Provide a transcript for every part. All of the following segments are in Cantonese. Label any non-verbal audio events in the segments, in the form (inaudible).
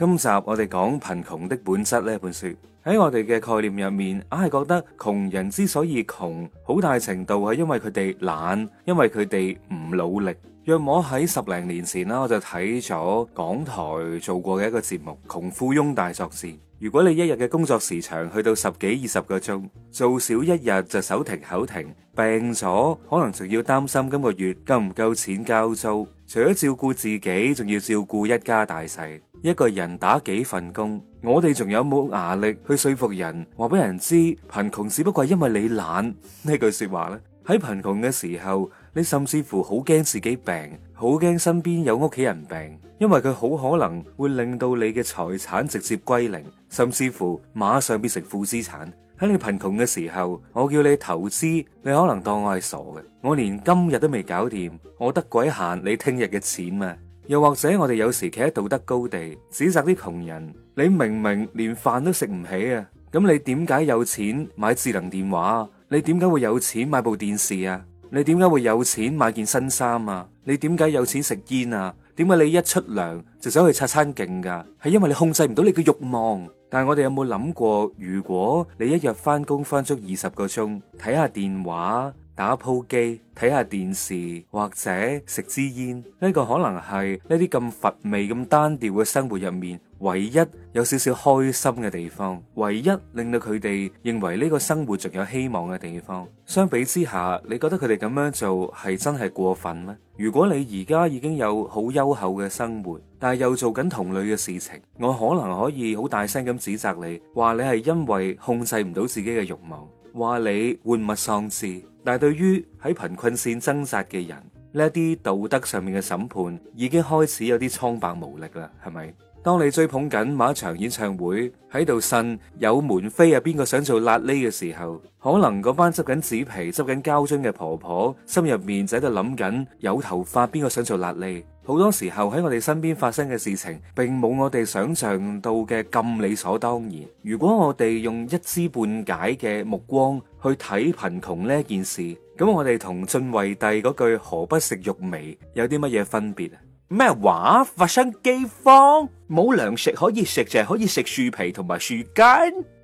今集我哋講貧窮的本質呢本書，喺我哋嘅概念入面，硬係覺得窮人之所以窮，好大程度係因為佢哋懶，因為佢哋唔努力。約莫喺十零年前啦，我就睇咗港台做過嘅一個節目《窮富翁大作戰》。如果你一日嘅工作時長去到十幾二十個鐘，做少一日就手停口停，病咗可能仲要擔心今個月夠唔夠錢交租。除咗照顧自己，仲要照顧一家大細，一個人打幾份工，我哋仲有冇壓力去說服人，話俾人知貧窮只不過係因為你懶呢句說話咧？喺貧窮嘅時候，你甚至乎好驚自己病，好驚身邊有屋企人病，因為佢好可能會令到你嘅財產直接歸零，甚至乎馬上變成負資產。喺你貧窮嘅時候，我叫你投資，你可能當我係傻嘅。我連今日都未搞掂，我得鬼閒你聽日嘅錢咩啊？又或者我哋有時企喺道德高地指責啲窮人，你明明連飯都食唔起啊，咁你點解有錢買智能電話？你點解會有錢買部電視啊？你點解會有錢買件新衫啊？你點解有錢食煙啊？點解你一出糧就走去拆餐勁噶？係因為你控制唔到你嘅慾望。但係我哋有冇諗過，如果你一日翻工，翻足二十個鐘，睇下電話、打鋪機、睇下電視或者食支煙，呢個可能係呢啲咁乏味、咁單調嘅生活入面唯一有少少開心嘅地方，唯一令到佢哋認為呢個生活仲有希望嘅地方。相比之下，你覺得佢哋咁樣做係真係過分咩？如果你而家已經有好優厚嘅生活。但係又做緊同類嘅事情，我可能可以好大聲咁指責你，話你係因為控制唔到自己嘅慾望，話你玩物喪志。但係對於喺貧困線掙扎嘅人，呢啲道德上面嘅審判已經開始有啲蒼白無力啦，係咪？當你追捧緊某一場演唱會，喺度呻有門飛啊，邊個想做辣痢嘅時候，可能嗰班執緊紙皮、執緊膠樽嘅婆婆心入面，就喺度諗緊有頭髮邊個想做辣痢。好多時候喺我哋身邊發生嘅事情，並冇我哋想象到嘅咁理所當然。如果我哋用一知半解嘅目光去睇貧窮呢一件事，咁我哋同晉惠帝嗰句何不食肉糜有啲乜嘢分別啊？咩話發生饑荒，冇糧食可以食就係可以食樹皮同埋樹根，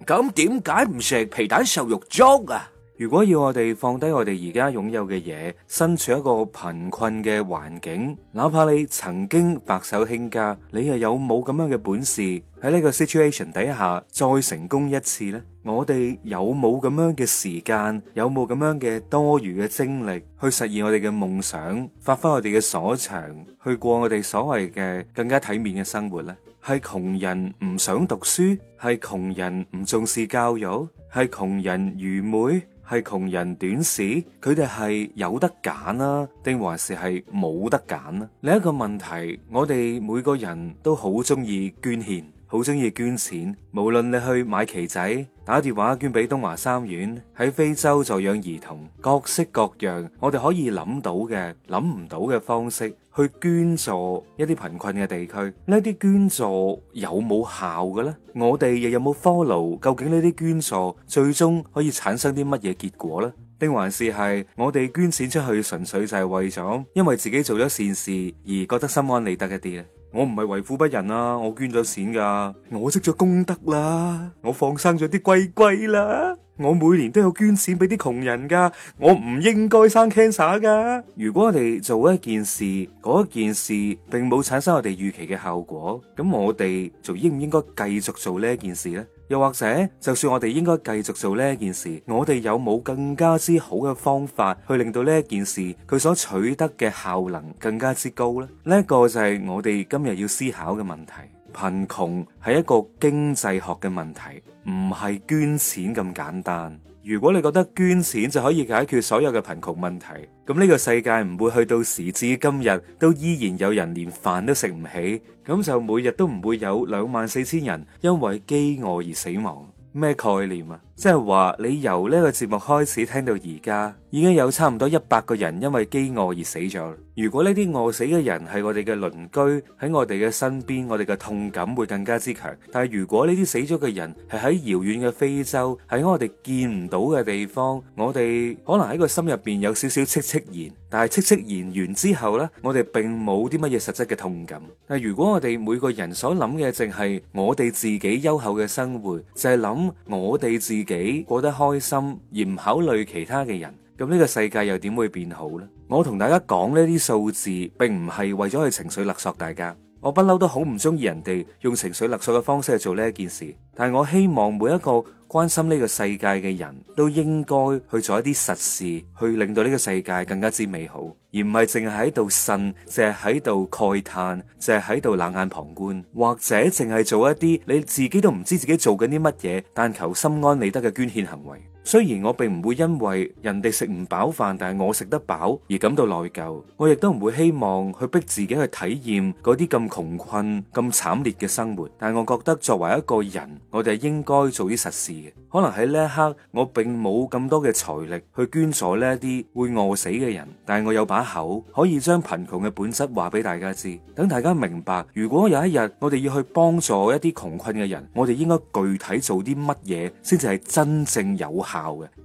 咁點解唔食皮蛋瘦肉粥啊？如果要我哋放低我哋而家擁有嘅嘢，身處一個貧困嘅環境，哪怕你曾經白手興家，你又有冇咁樣嘅本事喺呢個 situation 底下再成功一次咧？我哋有冇咁樣嘅時間，有冇咁樣嘅多餘嘅精力去實現我哋嘅夢想，發揮我哋嘅所長，去過我哋所謂嘅更加體面嘅生活咧？係窮人唔想讀書，係窮人唔重視教育，係窮人愚昧？係窮人短視，佢哋係有得揀啦、啊，定還是係冇得揀呢、啊？另一個問題，我哋每個人都好中意捐獻，好中意捐錢，無論你去買旗仔、打電話捐俾東華三院、喺非洲助養兒童，各式各樣，我哋可以諗到嘅、諗唔到嘅方式。去捐助一啲貧困嘅地區，呢啲捐助有冇效嘅咧？我哋又有冇 follow？究竟呢啲捐助最終可以產生啲乜嘢結果呢？定還是係我哋捐錢出去純粹就係為咗因為自己做咗善事而覺得心安理得一啲咧？我唔係為富不仁啦、啊，我捐咗錢噶、啊，我積咗、啊、功德啦，我放生咗啲龜龜啦。我每年都有捐錢俾啲窮人噶，我唔應該生 cancer 噶。如果我哋做一件事，嗰件事並冇產生我哋預期嘅效果，咁我哋仲應唔應該繼續做呢件事呢？又或者，就算我哋應該繼續做呢件事，我哋有冇更加之好嘅方法去令到呢件事佢所取得嘅效能更加之高呢？呢一個就係我哋今日要思考嘅問題。貧窮係一個經濟學嘅問題，唔係捐錢咁簡單。如果你覺得捐錢就可以解決所有嘅貧窮問題，咁呢個世界唔會去到時至今日都依然有人連飯都食唔起，咁就每日都唔會有兩萬四千人因為飢餓而死亡。咩概念啊？即係話，你由呢個節目開始聽到而家，已經有差唔多一百個人因為飢餓而死咗。如果呢啲餓死嘅人係我哋嘅鄰居，喺我哋嘅身邊，我哋嘅痛感會更加之強。但係如果呢啲死咗嘅人係喺遙遠嘅非洲，喺我哋見唔到嘅地方，我哋可能喺個心入邊有少少戚戚然。但係戚戚然完之後呢，我哋並冇啲乜嘢實質嘅痛感。但如果我哋每個人所諗嘅淨係我哋自己優厚嘅生活，就係諗我哋自。自己過得開心，而唔考慮其他嘅人，咁呢個世界又點會變好咧？我同大家講呢啲數字，並唔係為咗去情緒勒索大家。我不嬲都好唔中意人哋用情緒勒索嘅方式去做呢一件事，但係我希望每一個關心呢個世界嘅人都應該去做一啲實事，去令到呢個世界更加之美好，而唔係淨係喺度呻，淨係喺度慨嘆，淨係喺度冷眼旁觀，或者淨係做一啲你自己都唔知自己做緊啲乜嘢，但求心安理得嘅捐獻行為。雖然我並唔會因為人哋食唔飽飯，但係我食得飽而感到內疚。我亦都唔會希望去逼自己去體驗嗰啲咁窮困、咁慘烈嘅生活。但係我覺得作為一個人，我哋係應該做啲實事嘅。可能喺呢一刻，我並冇咁多嘅財力去捐助呢一啲會餓死嘅人。但係我有把口，可以將貧窮嘅本質話俾大家知，等大家明白。如果有一日我哋要去幫助一啲窮困嘅人，我哋應該具體做啲乜嘢，先至係真正有效。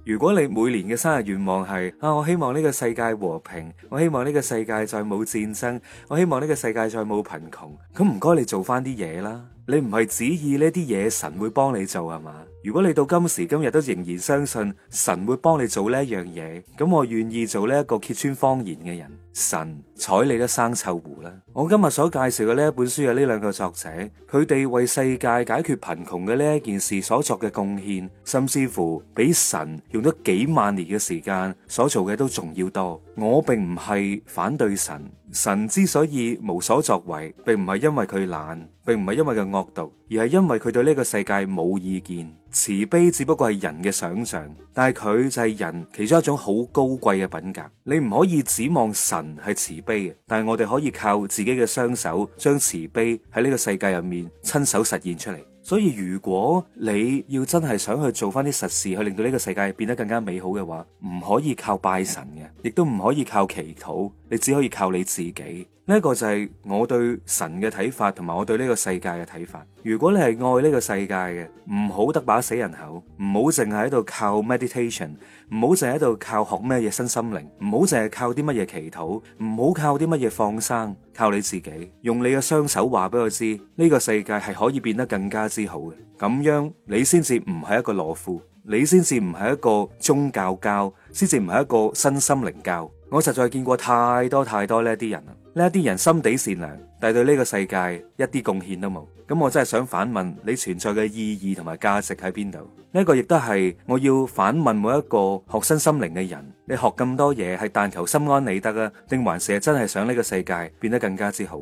如果你每年嘅生日願望係啊，我希望呢個世界和平，我希望呢個世界再冇戰爭，我希望呢個世界再冇貧窮，咁唔該你做返啲嘢啦。你唔係指意呢啲嘢，神會幫你做吖嘛？如果你到今時今日都仍然相信神會幫你做呢一樣嘢，咁我願意做呢一個揭穿謊言嘅人，神睬你一生臭狐啦！我今日所介紹嘅呢一本書有呢兩個作者，佢哋為世界解決貧窮嘅呢一件事所作嘅貢獻，甚至乎比神用咗幾萬年嘅時間所做嘅都仲要多。我並唔係反對神。神之所以無所作為，並唔係因為佢懶，並唔係因為佢惡毒，而係因為佢對呢個世界冇意見。慈悲只不過係人嘅想象，但係佢就係人其中一種好高貴嘅品格。你唔可以指望神係慈悲嘅，但係我哋可以靠自己嘅雙手，將慈悲喺呢個世界入面親手實現出嚟。所以如果你要真係想去做翻啲實事，去令到呢個世界變得更加美好嘅話，唔可以靠拜神嘅，亦都唔可以靠祈禱，你只可以靠你自己。呢個就係我對神嘅睇法，同埋我對呢個世界嘅睇法。如果你係愛呢個世界嘅，唔好得把死人口，唔好淨係喺度靠 meditation，唔好淨係喺度靠學咩嘢新心靈，唔好淨係靠啲乜嘢祈禱，唔好靠啲乜嘢放生，靠你自己用你嘅雙手話俾我知呢個世界係可以變得更加之好嘅。咁樣你先至唔係一個懦夫，你先至唔係一個宗教教，先至唔係一個新心靈教。我實在見過太多太多呢啲人。呢一啲人心地善良，但係對呢個世界一啲貢獻都冇。咁我真係想反問你存在嘅意義同埋價值喺邊度？呢個亦都係我要反問每一個學新心靈嘅人：你學咁多嘢，係但求心安理得啊，定還是真係想呢個世界變得更加之好？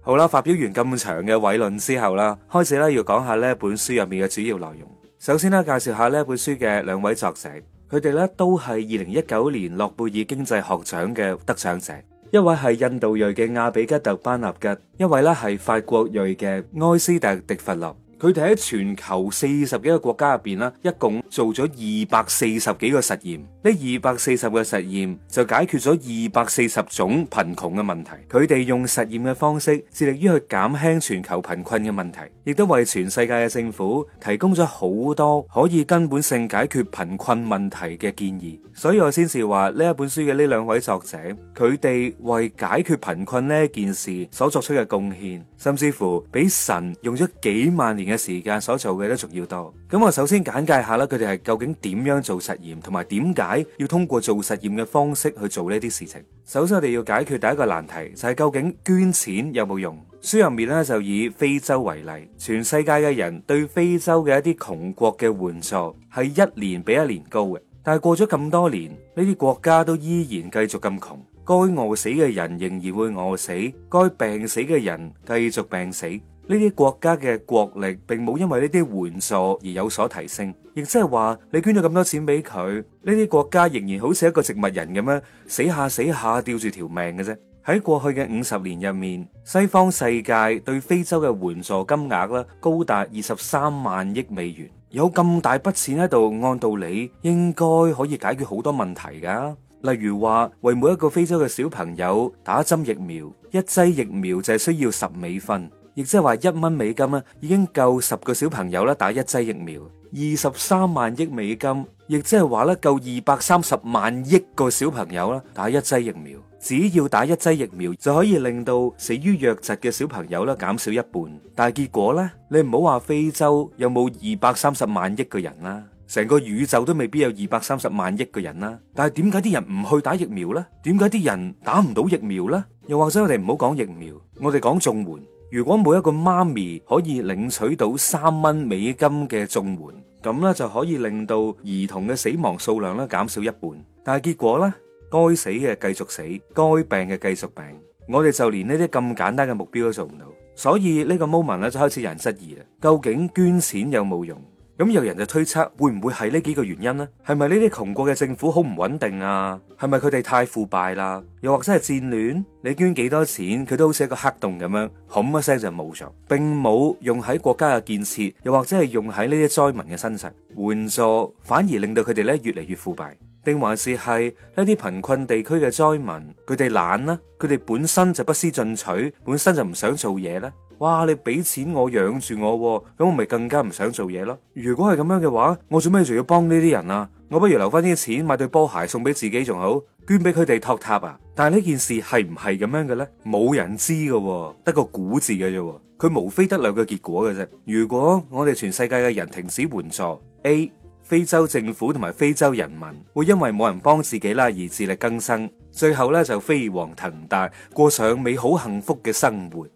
好啦，發表完咁長嘅偉論之後啦，開始咧要講下呢本書入面嘅主要內容。首先啦，介紹下呢本書嘅兩位作者，佢哋咧都係二零一九年諾貝爾經濟學獎嘅得獎者。一位係印度裔嘅阿比吉特班納吉，一位呢係法國裔嘅埃斯特迪弗洛。佢哋喺全球四十幾個國家入邊啦，一共做咗二百四十幾個實驗。呢二百四十個實驗就解決咗二百四十種貧窮嘅問題。佢哋用實驗嘅方式，致力於去減輕全球貧困嘅問題，亦都為全世界嘅政府提供咗好多可以根本性解決貧困問題嘅建議。所以我先至話呢一本書嘅呢兩位作者，佢哋為解決貧困呢件事所作出嘅貢獻。甚至乎比神用咗幾萬年嘅時間所做嘅都仲要多。咁我首先簡介下啦，佢哋係究竟點樣做實驗，同埋點解要通過做實驗嘅方式去做呢啲事情。首先我哋要解決第一個難題，就係究竟捐錢有冇用？書入面咧就以非洲為例，全世界嘅人對非洲嘅一啲窮國嘅援助係一年比一年高嘅，但係過咗咁多年，呢啲國家都依然繼續咁窮。該餓死嘅人仍然會餓死，該病死嘅人繼續病死。呢啲國家嘅國力並冇因為呢啲援助而有所提升，亦即係話你捐咗咁多錢俾佢，呢啲國家仍然好似一個植物人咁樣，死下死下吊住條命嘅啫。喺過去嘅五十年入面，西方世界對非洲嘅援助金額啦，高達二十三萬億美元，有咁大筆錢喺度，按道理應該可以解決好多問題㗎。例如話，為每一個非洲嘅小朋友打針疫苗，一劑疫苗就係需要十美分，亦即係話一蚊美金啦，已經夠十個小朋友啦打一劑疫苗。二十三萬億美金，亦即係話咧，夠二百三十萬億個小朋友啦打一劑疫苗。只要打一劑疫苗，就可以令到死於瘧疾嘅小朋友啦減少一半。但係結果呢，你唔好話非洲有冇二百三十萬億個人啦。成個宇宙都未必有二百三十萬億個人啦，但係點解啲人唔去打疫苗呢？點解啲人打唔到疫苗呢？又或者我哋唔好講疫苗，我哋講綜援。如果每一個媽咪可以領取到三蚊美金嘅綜援，咁，呢就可以令到兒童嘅死亡數量咧，減少一半。但係結果呢，該死嘅繼續死，該病嘅繼續病，我哋就連呢啲咁簡單嘅目標都做唔到。所以呢個 moment 呢，就開始有人質疑啦：究竟捐錢有冇用？咁有人就推測，會唔會係呢幾個原因呢？係咪呢啲窮國嘅政府好唔穩定啊？係咪佢哋太腐敗啦？又或者係戰亂？你捐幾多錢，佢都好似一個黑洞咁樣，冚一聲就冇咗，並冇用喺國家嘅建設，又或者係用喺呢啲災民嘅身上援助，反而令到佢哋咧越嚟越腐敗？定還是係呢啲貧困地區嘅災民，佢哋懶呢？佢哋本身就不思進取，本身就唔想做嘢呢？哇！你俾錢我養住我，咁我咪更加唔想做嘢咯。如果係咁樣嘅話，我做咩仲要幫呢啲人啊？我不如留翻啲錢買對波鞋送俾自己仲好，捐俾佢哋托塔啊！但係呢件事係唔係咁樣嘅咧？冇人知㗎，得個估字嘅啫。佢無非得兩個結果嘅啫。如果我哋全世界嘅人停止援助，A 非洲政府同埋非洲人民會因為冇人幫自己啦而自力更生，最後咧就飛黃騰達，過上美好幸福嘅生活。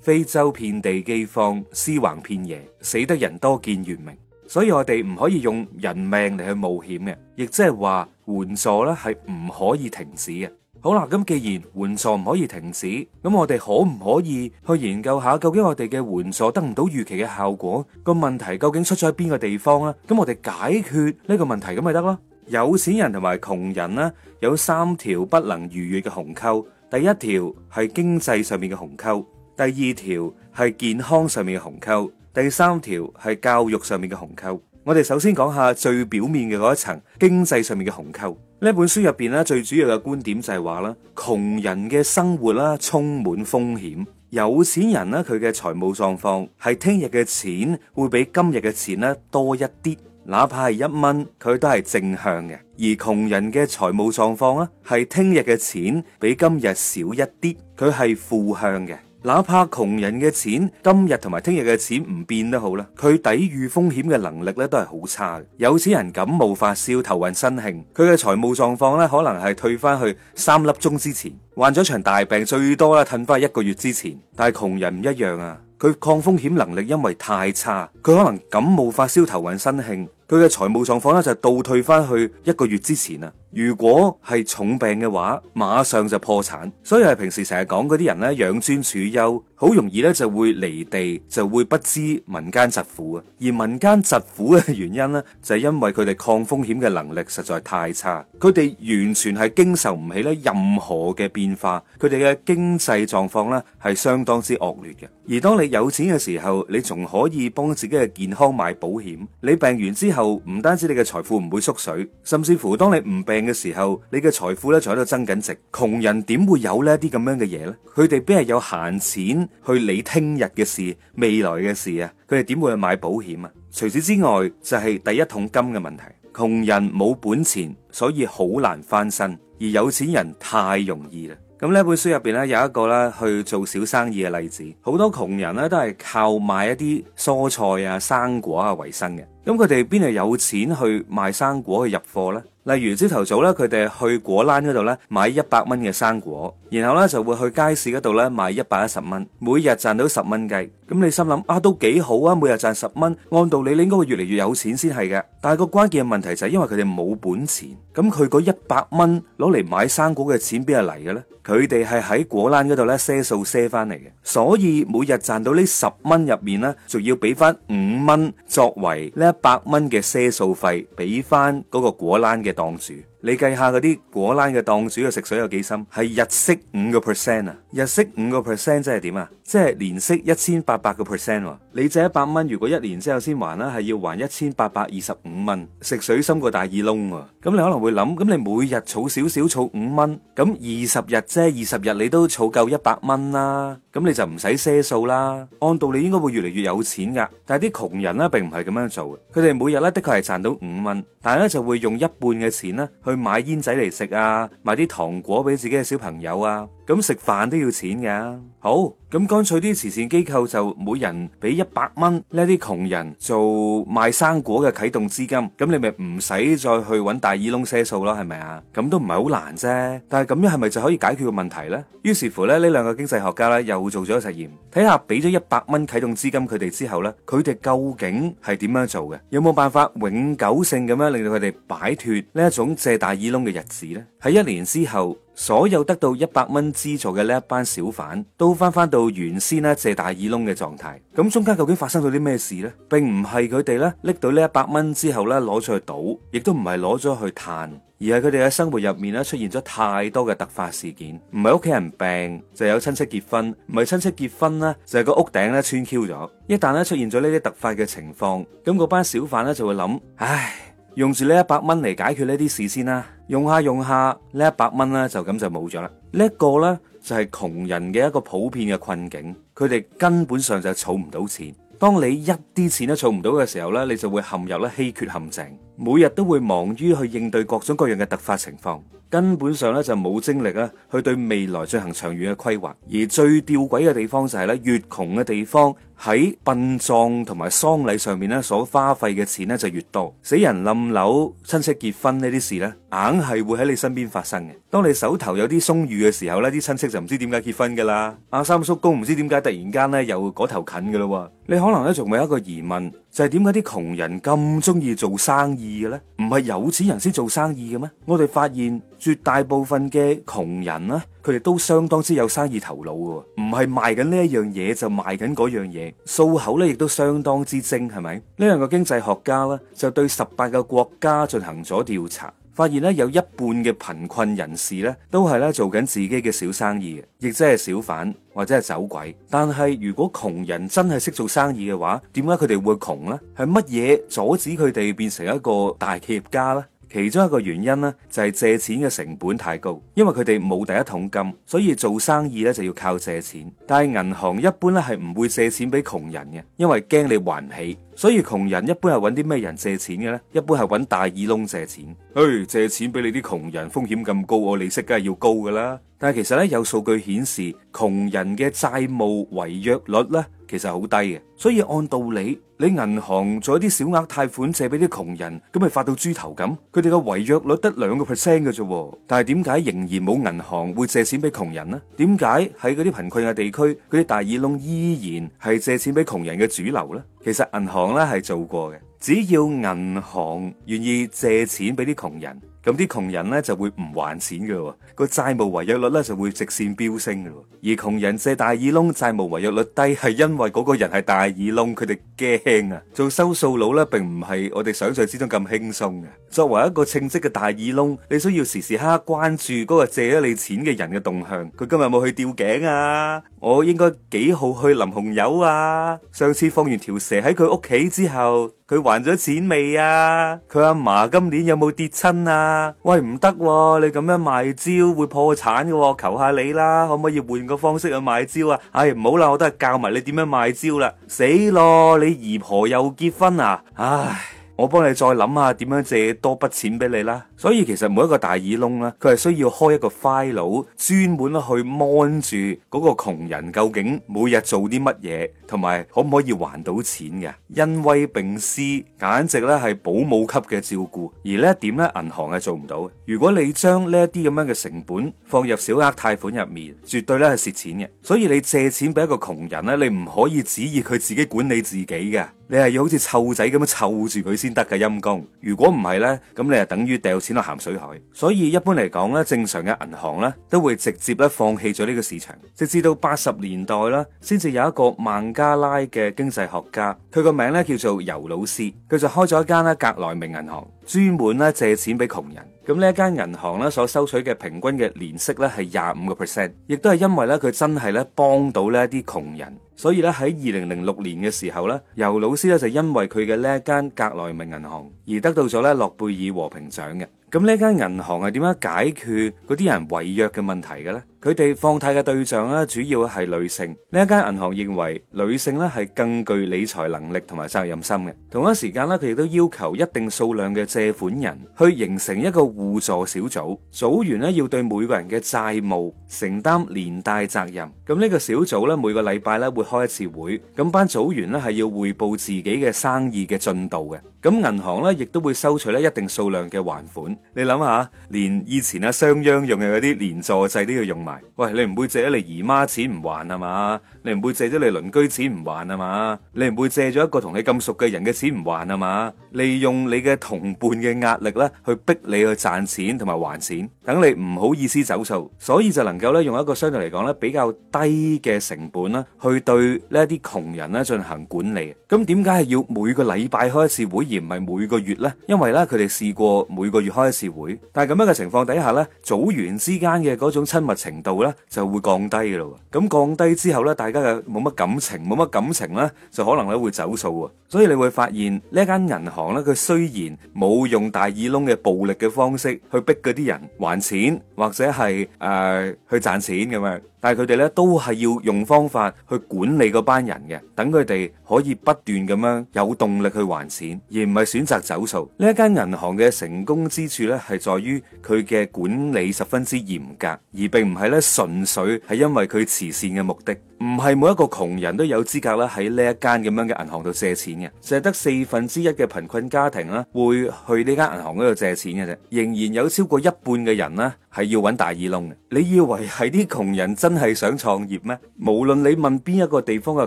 非洲遍地饑荒，屍橫遍野，死得人多見月明，所以我哋唔可以用人命嚟去冒險嘅，亦即係話援助咧係唔可以停止嘅。好啦，咁既然援助唔可以停止，咁我哋可唔可以去研究下，究竟我哋嘅援助得唔到預期嘅效果個問題，究竟出咗喺邊個地方啦？咁我哋解決呢個問題咁咪得咯。有錢人同埋窮人咧有三條不能逾越嘅鴻溝，第一條係經濟上面嘅鴻溝。第二條係健康上面嘅鴻溝，第三條係教育上面嘅鴻溝。我哋首先講下最表面嘅嗰一層經濟上面嘅鴻溝。呢本書入邊咧，最主要嘅觀點就係話啦，窮人嘅生活啦充滿風險，有錢人咧佢嘅財務狀況係聽日嘅錢會比今日嘅錢咧多一啲，哪怕係一蚊，佢都係正向嘅；而窮人嘅財務狀況咧係聽日嘅錢比今日少一啲，佢係負向嘅。哪怕窮人嘅錢今日同埋聽日嘅錢唔變都好啦，佢抵禦風險嘅能力咧都係好差嘅。有錢人感冒發燒頭暈身慶，佢嘅財務狀況咧可能係退翻去三粒鐘之前，患咗場大病最多咧褪翻一個月之前。但係窮人唔一樣啊，佢抗風險能力因為太差，佢可能感冒發燒頭暈身慶。佢嘅財務狀況咧就倒退翻去一個月之前啊！如果係重病嘅話，馬上就破產。所以係平時成日講嗰啲人咧養尊處優，好容易咧就會離地，就會不知民間疾苦啊！而民間疾苦嘅原因呢，就係因為佢哋抗風險嘅能力實在太差，佢哋完全係經受唔起咧任何嘅變化，佢哋嘅經濟狀況呢，係相當之惡劣嘅。而當你有錢嘅時候，你仲可以幫自己嘅健康買保險，你病完之後。唔單止你嘅財富唔會縮水，甚至乎當你唔病嘅時候，你嘅財富呢就喺度增緊值。窮人點會有呢啲咁樣嘅嘢呢？佢哋邊係有閒錢去理聽日嘅事，未來嘅事啊？佢哋點會去買保險啊？除此之外，就係第一桶金嘅問題。窮人冇本錢，所以好難翻身，而有錢人太容易啦。咁呢本書入邊呢，有一個咧去做小生意嘅例子，好多窮人呢，都係靠買一啲蔬菜啊、生果啊為生嘅。咁佢哋邊度有錢去賣生果去入貨咧？例如朝頭早咧，佢哋去果欄嗰度咧買一百蚊嘅生果，然後咧就會去街市嗰度咧賣一百一十蚊，每日賺到十蚊計。咁你心諗啊，都幾好啊，每日賺十蚊，按道理你應該會越嚟越有錢先係嘅。但係個關鍵嘅問題就係因為佢哋冇本錢，咁佢嗰一百蚊攞嚟買生果嘅錢邊度嚟嘅咧？佢哋係喺果欄嗰度咧賒數賒翻嚟嘅，所以每日賺到呢十蚊入面咧，仲要俾翻五蚊作為咧。一百蚊嘅賒數費，俾翻嗰個果欄嘅檔主。你計下嗰啲果欄嘅檔主嘅食水有幾深？係日息五個 percent 啊！日息五個 percent 即係點啊？即係年息一千八百個 percent 喎！你借一百蚊，如果一年之後先還啦，係要還一千八百二十五蚊，食水深過大耳窿啊！咁你可能會諗，咁你每日儲少少少，儲五蚊，咁二十日啫，二十日你都儲夠一百蚊啦，咁你就唔使賒數啦。按道理應該會越嚟越有錢噶，但係啲窮人咧並唔係咁樣做，佢哋每日咧的確係賺到五蚊，但係咧就會用一半嘅錢啦。去買煙仔嚟食啊！買啲糖果俾自己嘅小朋友啊！咁食飯都要錢噶、啊，好咁乾脆啲慈善機構就每人俾一百蚊，呢啲窮人做賣生果嘅啟動資金，咁你咪唔使再去揾大耳窿賒數咯，係咪啊？咁都唔係好難啫。但係咁樣係咪就可以解決個問題呢？於是乎咧，呢兩個經濟學家咧又做咗個實驗，睇下俾咗一百蚊啟動資金佢哋之後呢，佢哋究竟係點樣做嘅？有冇辦法永久性咁樣令到佢哋擺脫呢一種借大耳窿嘅日子呢？喺一年之後。所有得到一百蚊資助嘅呢一班小販，都翻翻到原先咧借大耳窿嘅狀態。咁中間究竟發生咗啲咩事呢？並唔係佢哋咧拎到呢一百蚊之後咧攞出去賭，亦都唔係攞咗去嘆，而係佢哋嘅生活入面咧出現咗太多嘅突發事件。唔係屋企人病，就係有親戚結婚；唔係親戚結婚啦，就係個屋頂咧穿 Q 咗。一旦咧出現咗呢啲突發嘅情況，咁嗰班小販咧就會諗：唉，用住呢一百蚊嚟解決呢啲事先啦。用下用下呢一百蚊咧，就咁就冇咗啦。呢一個呢，就係窮人嘅一個普遍嘅困境，佢哋根本上就儲唔到錢。當你一啲錢都儲唔到嘅時候呢，你就會陷入咧稀缺陷阱。每日都會忙於去應對各種各樣嘅突發情況，根本上咧就冇精力呀去對未來進行長遠嘅規劃。而最吊詭嘅地方就係咧，越窮嘅地方喺殯葬同埋喪禮上面咧，所花費嘅錢咧就越多。死人冧樓、親戚結婚呢啲事咧，硬係會喺你身邊發生嘅。當你手頭有啲鬆裕嘅時候咧，啲親戚就唔知點解結婚㗎喇。阿三叔公唔知點解突然間咧又嗰頭近嘅咯喎。你可能咧仲會有一個疑問。就係點解啲窮人咁中意做生意嘅咧？唔係有錢人先做生意嘅咩？我哋發現絕大部分嘅窮人咧，佢哋都相當之有生意頭腦嘅，唔係賣緊呢一樣嘢就賣緊嗰樣嘢，數口咧亦都相當之精，係咪？呢樣嘅經濟學家咧，就對十八個國家進行咗調查。發現咧，有一半嘅貧困人士咧，都係咧做緊自己嘅小生意，亦即係小販或者係走鬼。但係如果窮人真係識做生意嘅話，點解佢哋會窮呢？係乜嘢阻止佢哋變成一個大企業家呢？其中一個原因呢，就係借錢嘅成本太高，因為佢哋冇第一桶金，所以做生意呢就要靠借錢。但係銀行一般咧係唔會借錢俾窮人嘅，因為驚你還唔起。所以窮人一般係揾啲咩人借錢嘅呢？一般係揾大耳窿借錢。唉，借錢俾你啲窮人風險咁高，我利息梗係要高㗎啦。但係其實呢，有數據顯示，窮人嘅債務違約率呢，其實好低嘅，所以按道理，你銀行做一啲小額貸款借俾啲窮人，咁咪發到豬頭咁，佢哋嘅違約率得兩個 percent 嘅啫。但係點解仍然冇銀行會借錢俾窮人呢？點解喺嗰啲貧困嘅地區，嗰啲大耳窿依然係借錢俾窮人嘅主流呢？其實銀行咧係做過嘅，只要銀行願意借錢俾啲窮人。咁啲窮人呢就會唔還錢嘅，個債務違約率呢就會直線飆升嘅。而窮人借大耳窿債務違約率低，係因為嗰個人係大耳窿，佢哋驚啊！做收數佬呢並唔係我哋想象之中咁輕鬆嘅。作為一個稱職嘅大耳窿，你需要時時刻刻關注嗰個借咗你錢嘅人嘅動向，佢今日冇去吊頸啊？我應該幾號去淋紅油啊？上次放完條蛇喺佢屋企之後。佢還咗錢未啊？佢阿嫲今年有冇跌親啊？喂，唔得喎！你咁樣賣蕉會破產嘅，求下你啦，可唔可以換個方式去賣蕉啊？唉、哎，唔好啦，我都係教埋你點樣賣蕉啦，死咯！你姨婆又結婚啊，唉。我幫你再諗下點樣借多筆錢俾你啦，所以其實每一個大耳窿呢，佢係需要開一個 file 專門呢去 mon 住嗰個窮人究竟每日做啲乜嘢，同埋可唔可以還到錢嘅？恩威並施，簡直呢係保姆級嘅照顧，而呢一點呢，銀行係做唔到。如果你將呢一啲咁樣嘅成本放入小額貸款入面，絕對呢係蝕錢嘅。所以你借錢俾一個窮人呢，你唔可以指意佢自己管理自己嘅。你係要好似湊仔咁樣湊住佢先得嘅，陰公，如果唔係呢，咁你就等於掉錢落咸水海。所以一般嚟講咧，正常嘅銀行咧都會直接咧放棄咗呢個市場，直至到八十年代啦，先至有一個孟加拉嘅經濟學家，佢個名咧叫做尤努斯，佢就開咗一間咧格萊明銀行，專門咧借錢俾窮人。咁呢一間銀行咧所收取嘅平均嘅年息咧係廿五個 percent，亦都係因為咧佢真係咧幫到呢啲窮人。所以咧喺二零零六年嘅時候咧，尤老師咧就因為佢嘅呢一間格萊珉銀行而得到咗咧諾貝爾和平獎嘅。咁呢間銀行係點樣解決嗰啲人違約嘅問題嘅咧？佢哋放貸嘅對象咧，主要係女性。呢一間銀行認為女性咧係更具理財能力同埋責任心嘅。同一時間咧，佢亦都要求一定數量嘅借款人去形成一個互助小組，組員咧要對每個人嘅債務承擔連帶責任。咁呢個小組咧每個禮拜咧會開一次會，咁班組員咧係要匯報自己嘅生意嘅進度嘅。咁銀行咧亦都會收取咧一定數量嘅還款。你諗下，連以前阿商鞅用嘅嗰啲連坐制都要用埋。喂，你唔會借咗你姨媽錢唔還啊嘛？你唔會借咗你鄰居錢唔還啊嘛？你唔會借咗一個同你咁熟嘅人嘅錢唔還啊嘛？利用你嘅同伴嘅壓力咧，去逼你去賺錢同埋還錢，等你唔好意思走數，所以就能夠咧用一個相對嚟講咧比較低嘅成本啦，去對呢一啲窮人咧進行管理。咁點解係要每個禮拜開一次會，而唔係每個月呢？因為咧佢哋試過每個月開一次會，但係咁樣嘅情況底下咧，組員之間嘅嗰種親密程度咧就會降低噶啦。咁降低之後咧，大而家嘅冇乜感情，冇乜感情咧，就可能咧會走數喎。所以你會發現呢間銀行咧，佢雖然冇用大耳窿嘅暴力嘅方式去逼嗰啲人還錢，或者係誒、呃、去賺錢咁樣。但係佢哋咧都係要用方法去管理嗰班人嘅，等佢哋可以不斷咁樣有動力去還錢，而唔係選擇走數。呢一間銀行嘅成功之處咧，係在於佢嘅管理十分之嚴格，而並唔係咧純粹係因為佢慈善嘅目的。唔係每一個窮人都有資格啦喺呢一間咁樣嘅銀行度借錢嘅，淨係得四分之一嘅貧困家庭啦會去呢間銀行嗰度借錢嘅啫。仍然有超過一半嘅人咧係要揾大耳窿。你以為係啲窮人真？真係想創業咩？無論你問邊一個地方嘅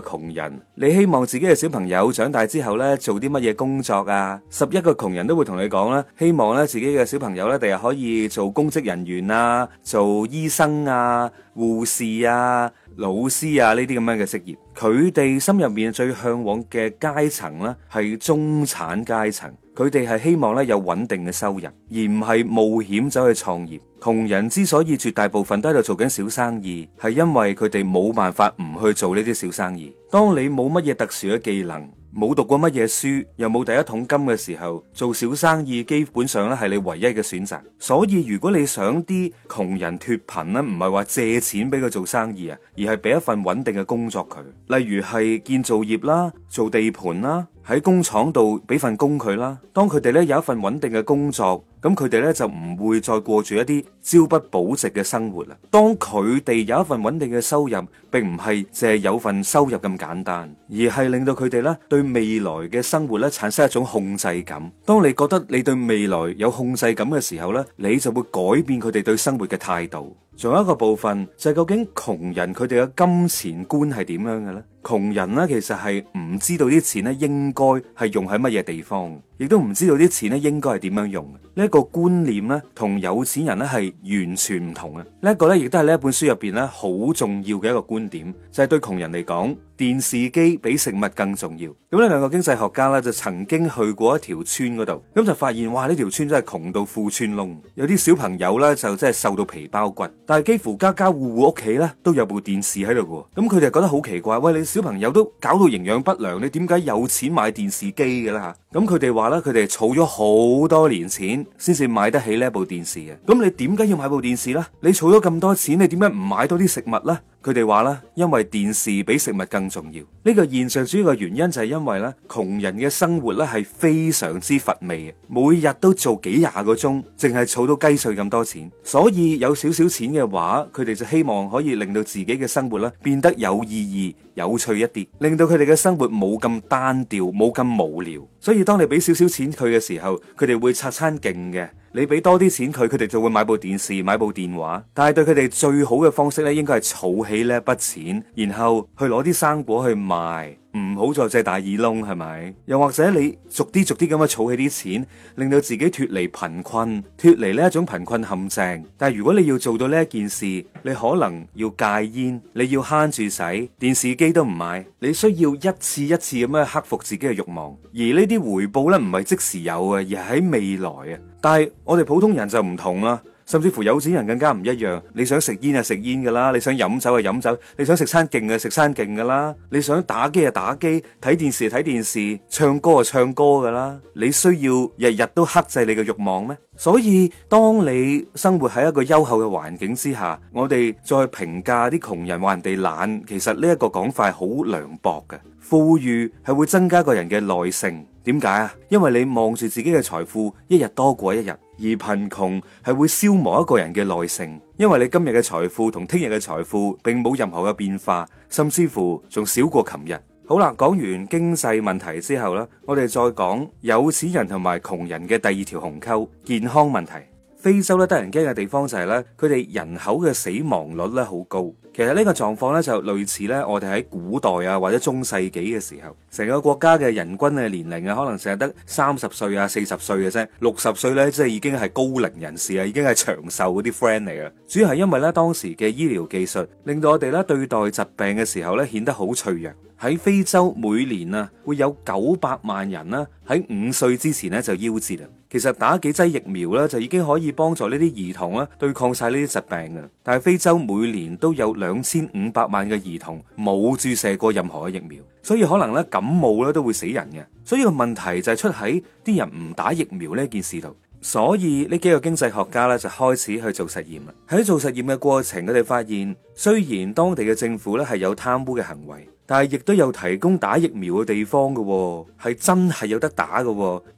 窮人，你希望自己嘅小朋友長大之後呢，做啲乜嘢工作啊？十一個窮人，都會同你講啦，希望呢自己嘅小朋友呢，第日可以做公職人員啊，做醫生啊、護士啊、老師啊呢啲咁樣嘅職業。佢哋心入面最向往嘅階層呢，係中產階層。佢哋係希望咧有穩定嘅收入，而唔係冒險走去創業。窮人之所以絕大部分都喺度做緊小生意，係因為佢哋冇辦法唔去做呢啲小生意。當你冇乜嘢特殊嘅技能，冇讀過乜嘢書，又冇第一桶金嘅時候，做小生意基本上咧係你唯一嘅選擇。所以如果你想啲窮人脫貧咧，唔係話借錢俾佢做生意啊，而係俾一份穩定嘅工作佢，例如係建造業啦，做地盤啦。喺工廠度俾份工佢啦，當佢哋呢有一份穩定嘅工作，咁佢哋呢就唔會再過住一啲朝不保夕嘅生活啦。當佢哋有一份穩定嘅收入，並唔係淨係有份收入咁簡單，而係令到佢哋呢對未來嘅生活呢產生一種控制感。當你覺得你對未來有控制感嘅時候呢，你就會改變佢哋對生活嘅態度。仲有一個部分就係究竟窮人佢哋嘅金錢觀係點樣嘅呢？窮人咧，其實係唔知道啲錢咧應該係用喺乜嘢地方。亦都唔知道啲錢咧應該係點樣用嘅，呢一個觀念咧同有錢人咧係完全唔同嘅。呢一個咧亦都係呢一本書入邊咧好重要嘅一個觀點，就係對窮人嚟講，電視機比食物更重要。咁呢兩個經濟學家咧就曾經去過一條村嗰度，咁就發現哇呢條村真係窮到富穿窿，有啲小朋友咧就真係瘦到皮包骨，但係幾乎家家戶戶屋企咧都有部電視喺度嘅。咁佢哋覺得好奇怪，喂，你小朋友都搞到營養不良，你點解有錢買電視機嘅咧嚇？咁佢哋話。話咧，佢哋儲咗好多年錢，先至買得起呢一部電視嘅。咁你點解要買部電視呢？你儲咗咁多錢，你點解唔買多啲食物呢？佢哋話啦，因為電視比食物更重要。呢個現象主要嘅原因就係因為咧，窮人嘅生活咧係非常之乏味嘅，每日都做幾廿個鐘，淨係儲到雞碎咁多錢。所以有少少錢嘅話，佢哋就希望可以令到自己嘅生活咧變得有意義、有趣一啲，令到佢哋嘅生活冇咁單調、冇咁無聊。所以當你俾少少錢佢嘅時候，佢哋會拆餐勁嘅。你俾多啲錢佢，佢哋就會買部電視、買部電話。但係對佢哋最好嘅方式咧，應該係儲起呢一筆錢，然後去攞啲生果去賣。唔好再借大耳窿係咪？又或者你逐啲逐啲咁樣儲起啲錢，令到自己脫離貧困，脫離呢一種貧困陷阱。但係如果你要做到呢一件事，你可能要戒煙，你要慳住使，電視機都唔買，你需要一次一次咁樣克服自己嘅慾望。而呢啲回報呢，唔係即時有嘅，而係喺未來啊。但係我哋普通人就唔同啦。甚至乎有錢人更加唔一樣，你想食煙就食煙噶啦，你想飲酒就飲酒，你想食餐勁呀食餐勁噶啦，你想打機就打機，睇電視睇電視，唱歌就唱歌噶啦。你需要日日都克制你嘅欲望咩？所以當你生活喺一個優厚嘅環境之下，我哋再評價啲窮人話人哋懶，其實呢一個講法係好涼薄嘅。富裕係會增加個人嘅耐性，點解啊？因為你望住自己嘅財富一日多過一日。而貧窮係會消磨一個人嘅耐性，因為你今日嘅財富同聽日嘅財富並冇任何嘅變化，甚至乎仲少過琴日。好啦，講完經濟問題之後啦，我哋再講有錢人同埋窮人嘅第二條鴻溝——健康問題。非洲咧得人驚嘅地方就係咧，佢哋人口嘅死亡率咧好高。其實呢個狀況咧就類似咧，我哋喺古代啊或者中世紀嘅時候，成個國家嘅人均嘅年齡啊，可能成日得三十歲啊四十歲嘅啫，六十歲咧即係已經係高齡人士啊，已經係長壽嗰啲 friend 嚟啊。主要係因為咧當時嘅醫療技術，令到我哋咧對待疾病嘅時候咧顯得好脆弱。喺非洲每年啊，會有九百萬人咧喺五歲之前咧就夭折啦。其實打幾劑疫苗咧，就已經可以幫助呢啲兒童咧對抗晒呢啲疾病嘅。但係非洲每年都有兩千五百萬嘅兒童冇注射過任何嘅疫苗，所以可能咧感冒咧都會死人嘅。所以個問題就係出喺啲人唔打疫苗呢件事度。所以呢幾個經濟學家咧就開始去做實驗啦。喺做實驗嘅過程，佢哋發現雖然當地嘅政府咧係有貪污嘅行為。但係亦都有提供打疫苗嘅地方嘅喎，係真係有得打嘅喎，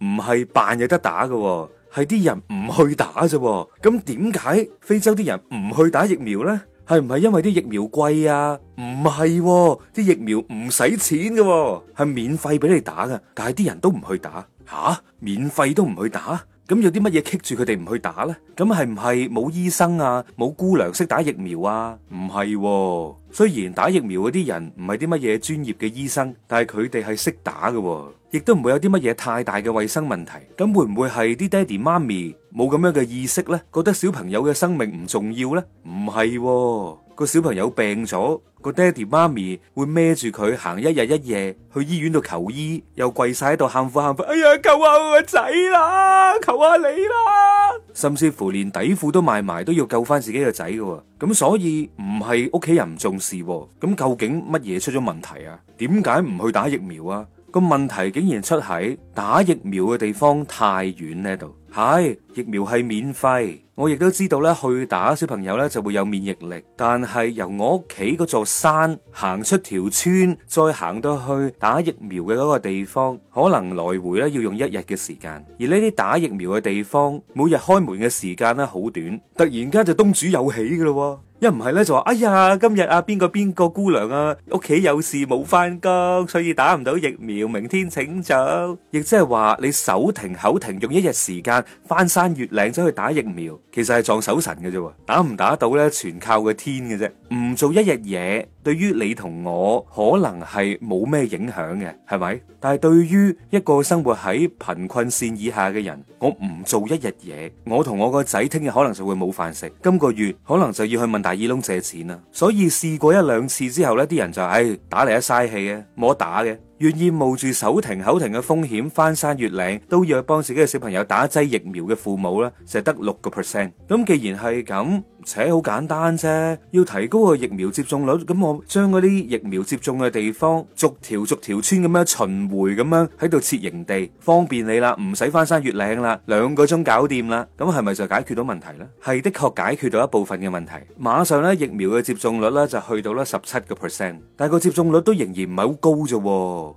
唔係扮有得打嘅喎，係啲人唔去打啫喎。咁點解非洲啲人唔去打疫苗呢？係唔係因為啲疫苗貴啊？唔係喎，啲疫苗唔使錢嘅喎，係免費俾你打嘅。但係啲人都唔去打，吓？啊，免費都唔去打？咁有啲乜嘢棘住佢哋唔去打呢？咁係唔係冇醫生啊？冇姑娘識打疫苗啊？唔係喎，雖然打疫苗嗰啲人唔係啲乜嘢專業嘅醫生，但係佢哋係識打嘅喎，亦都唔會有啲乜嘢太大嘅衛生問題。咁會唔會係啲爹哋媽咪冇咁樣嘅意識呢？覺得小朋友嘅生命唔重要呢？唔係喎。個小朋友病咗，那個爹地媽咪會孭住佢行一日一夜去醫院度求醫，又跪晒喺度喊苦喊忽，哎呀，救下、啊、我個仔啦，求下、啊、你啦，甚至乎連底褲都賣埋都要救翻自己個仔噶，咁所以唔係屋企人唔重視、啊，咁究竟乜嘢出咗問題啊？點解唔去打疫苗啊？個問題竟然出喺打疫苗嘅地方太遠呢度。係、哎、疫苗係免費，我亦都知道咧，去打小朋友咧就會有免疫力，但係由我屋企嗰座山行出條村，再行到去打疫苗嘅嗰個地方，可能來回咧要用一日嘅時間。而呢啲打疫苗嘅地方，每日開門嘅時間咧好短，突然間就東主有喜噶咯。一唔係咧就話，哎呀，今日啊邊個邊個姑娘啊，屋企有事冇翻工，所以打唔到疫苗，明天請早。亦即係話你手停口停，用一日時間翻山越嶺走去打疫苗，其實係撞手神嘅啫，打唔打到呢？全靠個天嘅啫。唔做一日嘢，對於你同我可能係冇咩影響嘅，係咪？但係對於一個生活喺貧困線以下嘅人，我唔做一日嘢，我同我個仔聽日可能就會冇飯食，今個月可能就要去問大耳窿借錢啦。所以試過一兩次之後呢，啲人就唉、哎、打嚟，一嘥氣嘅，冇得打嘅。願意冒住手停口停嘅風險翻山越嶺都要去幫自己嘅小朋友打劑疫苗嘅父母咧，就得六個 percent。咁既然係咁，且好簡單啫，要提高個疫苗接種率，咁我將嗰啲疫苗接種嘅地方逐條逐條村咁樣巡迴咁樣喺度設營地，方便你啦，唔使翻山越嶺啦，兩個鐘搞掂啦，咁係咪就解決到問題呢？係的確解決到一部分嘅問題，馬上咧疫苗嘅接種率咧就去到咧十七個 percent，但係個接種率都仍然唔係好高啫。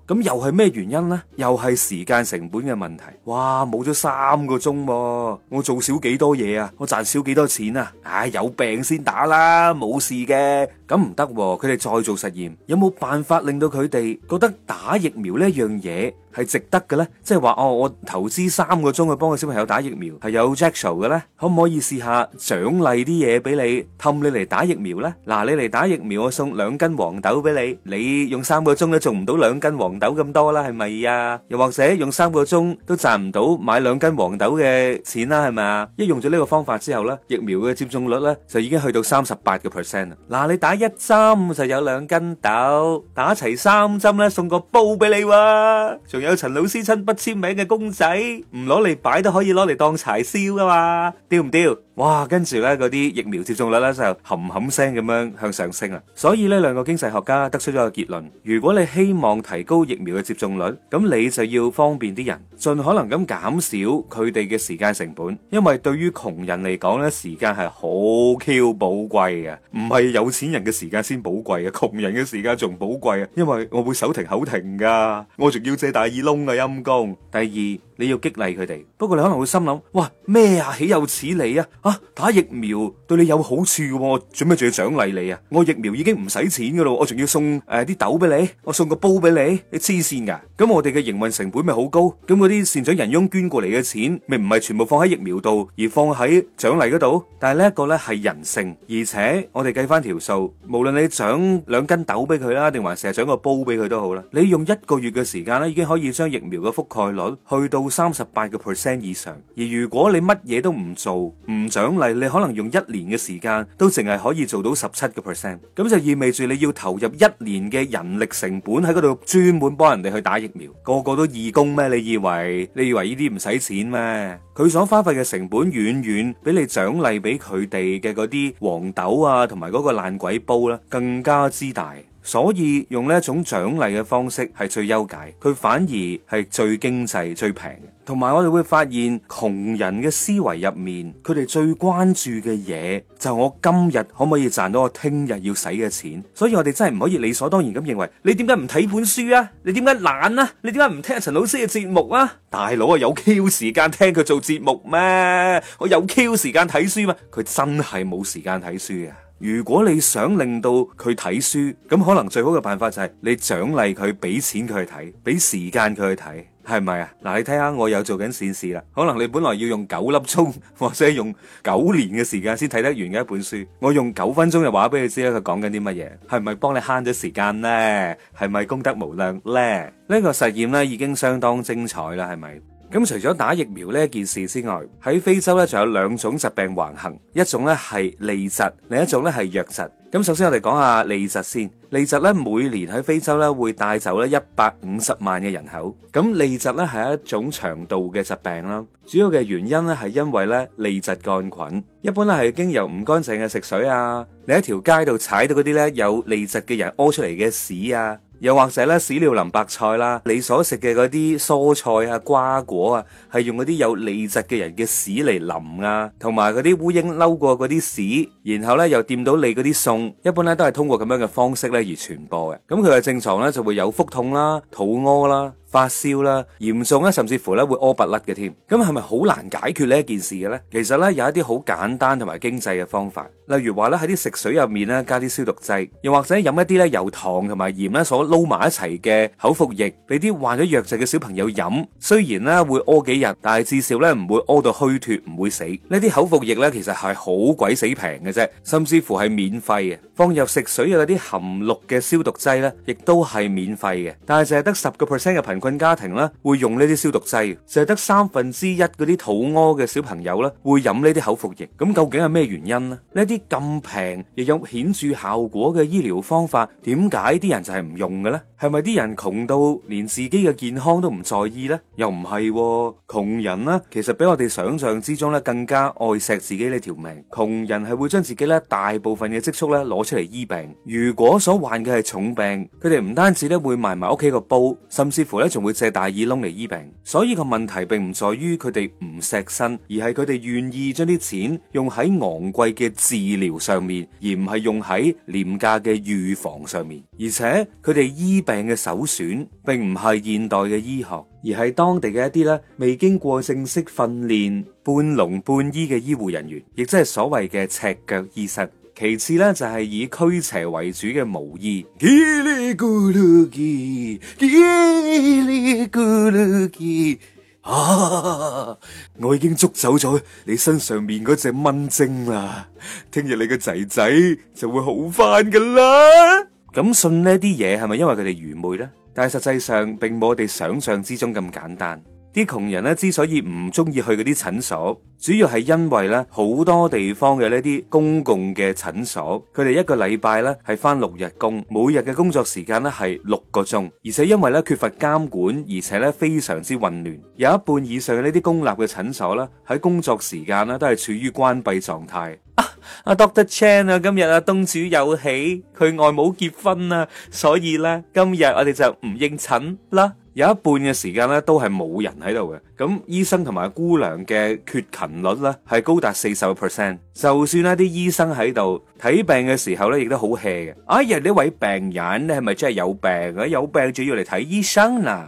咁又係咩原因呢？又係時間成本嘅問題。哇，冇咗三個鐘啊，我做少幾多嘢啊？我賺少幾多錢啊？唉，有病先打啦，冇事嘅。咁唔得，佢哋、啊、再做實驗，有冇辦法令到佢哋覺得打疫苗呢一樣嘢係值得嘅呢？即係話哦，我投資三個鐘去幫個小朋友打疫苗係有 jackpot 嘅呢？可唔可以試下獎勵啲嘢俾你，氹你嚟打疫苗呢？嗱、啊，你嚟打疫苗我送兩斤黃豆俾你，你用三個鐘都做唔到兩斤黃豆咁多啦，係咪呀？又或者用三個鐘都賺唔到買兩斤黃豆嘅錢啦，係咪啊？一用咗呢個方法之後呢，疫苗嘅接種率呢，就已經去到三十八個 percent 啦。嗱、啊，你打。一針就有兩斤豆，打齊三針咧，送個煲俾你喎，仲有陳老師親筆簽名嘅公仔，唔攞嚟擺都可以攞嚟當柴燒噶嘛，丟唔丟？哇，跟住咧，嗰啲疫苗接種率咧就冚冚聲咁樣向上升啊！所以咧，兩個經濟學家得出咗個結論：如果你希望提高疫苗嘅接種率，咁你就要方便啲人，盡可能咁減少佢哋嘅時間成本。因為對於窮人嚟講咧，時間係好你要激勵佢哋，不過你可能會心諗：哇，咩啊？豈有此理啊！吓，打疫苗對你有好處嘅，做咩仲要獎勵你啊？我疫苗已經唔使錢噶啦，我仲要送誒啲豆俾你，我送個煲俾你，你黐線噶！咁我哋嘅營運成本咪好高，咁嗰啲善長人翁捐過嚟嘅錢，咪唔係全部放喺疫苗度，而放喺獎勵嗰度？但係呢一個呢係人性，而且我哋計返條數，無論你獎兩斤豆俾佢啦，定還係獎個煲俾佢都好啦，你用一個月嘅時間呢，已經可以將疫苗嘅覆蓋率去到。三十八個 percent 以上，而如果你乜嘢都唔做，唔獎勵，你可能用一年嘅時間都淨係可以做到十七個 percent，咁就意味住你要投入一年嘅人力成本喺嗰度專門幫人哋去打疫苗，個個都義工咩？你以為你以為呢啲唔使錢咩？佢所花費嘅成本遠遠比你獎勵俾佢哋嘅嗰啲黃豆啊，同埋嗰個爛鬼煲啦，更加之大。所以用呢一種獎勵嘅方式係最優解，佢反而係最經濟、最平嘅。同埋我哋會發現，窮人嘅思維入面，佢哋最關注嘅嘢就係我今日可唔可以賺到我聽日要使嘅錢。所以我哋真係唔可以理所當然咁認為，你點解唔睇本書啊？你點解懶啊？你點解唔聽陳老師嘅節目啊？大佬啊，有 Q 時間聽佢做節目咩？我有 Q 時間睇書咩？佢真係冇時間睇書啊！如果你想令到佢睇書，咁可能最好嘅辦法就係你獎勵佢，俾錢佢去睇，俾時間佢去睇，係咪啊？嗱，你睇下我有做緊善事啦。可能你本來要用九粒鐘或者用九年嘅時間先睇得完嘅一本書，我用九分鐘嘅話俾你知啦，佢講緊啲乜嘢，係咪幫你慳咗時間呢？係咪功德無量呢？呢個實驗呢已經相當精彩啦，係咪？咁除咗打疫苗呢件事之外，喺非洲呢仲有兩種疾病橫行，一種呢係痢疾，另一種呢係瘧疾。咁首先我哋講下痢疾先，痢疾呢每年喺非洲呢會帶走咧一百五十萬嘅人口。咁痢疾呢係一種腸道嘅疾病啦，主要嘅原因呢係因為呢痢疾桿菌，一般呢係經由唔乾淨嘅食水啊，你喺條街度踩到嗰啲呢有痢疾嘅人屙出嚟嘅屎啊。又或者咧屎尿淋白菜啦，你所食嘅嗰啲蔬菜啊瓜果啊，係用嗰啲有痢疾嘅人嘅屎嚟淋啊，同埋嗰啲烏蠅嬲過嗰啲屎，然後咧又掂到你嗰啲餸，一般咧都係通過咁樣嘅方式咧而傳播嘅。咁佢嘅症狀咧就會有腹痛啦、啊、肚屙啦、啊、發燒啦、啊，嚴重啦、啊，甚至乎咧會屙、嗯、不甩嘅添。咁係咪好難解決呢一件事嘅咧？其實咧有一啲好簡單同埋經濟嘅方法。例如話咧，喺啲食水入面咧加啲消毒劑，又或者飲一啲咧由糖同埋鹽咧所撈埋一齊嘅口服液，俾啲患咗瘧疾嘅小朋友飲。雖然咧會屙幾日，但係至少咧唔會屙到虛脱，唔會死。呢啲口服液咧其實係好鬼死平嘅啫，甚至乎係免費嘅。放入食水又有啲含氯嘅消毒劑咧，亦都係免費嘅。但係淨係得十個 percent 嘅貧困家庭咧會用呢啲消毒劑，淨係得三分之一嗰啲肚屙嘅小朋友咧會飲呢啲口服液。咁究竟係咩原因呢？呢啲咁平又有顯著效果嘅醫療方法，點解啲人就係唔用嘅呢？係咪啲人窮到連自己嘅健康都唔在意呢？又唔係喎，窮人呢，其實比我哋想象之中咧更加愛錫自己呢條命。窮人係會將自己咧大部分嘅積蓄咧攞出嚟醫病。如果所患嘅係重病，佢哋唔單止咧會賣埋屋企個煲，甚至乎咧仲會借大耳窿嚟醫病。所以個問題並唔在於佢哋唔錫身，而係佢哋願意將啲錢用喺昂貴嘅治。醫療上面，而唔係用喺廉價嘅預防上面，而且佢哋醫病嘅首選，並唔係現代嘅醫學，而係當地嘅一啲咧未經過正式訓練、半農半醫嘅醫護人員，亦即係所謂嘅赤腳醫生。其次咧就係、是、以驅邪為主嘅巫醫。 (noise) 啊！我已經捉走咗你身上面嗰隻蚊精啦，聽日你個仔仔就會好翻噶啦。咁、啊、信呢啲嘢係咪因為佢哋愚昧呢？但係實際上並冇我哋想象之中咁簡單。啲窮人咧，之所以唔中意去嗰啲診所，主要係因為咧好多地方嘅呢啲公共嘅診所，佢哋一個禮拜咧係返六日工，每日嘅工作時間咧係六個鐘，而且因為咧缺乏監管，而且咧非常之混亂，有一半以上嘅呢啲公立嘅診所咧喺工作時間咧都係處於關閉狀態。阿 doctor Chan 啊，Chen, 今日阿東主有喜，佢外母結婚啊，所以咧今日我哋就唔應診啦。有一半嘅時間咧都係冇人喺度嘅，咁醫生同埋姑娘嘅缺勤率咧係高達四十個 percent。就算咧啲醫生喺度睇病嘅時候咧，亦都好 hea 嘅。哎呀，呢位病人你係咪真係有病啊？有病仲要嚟睇醫生啊？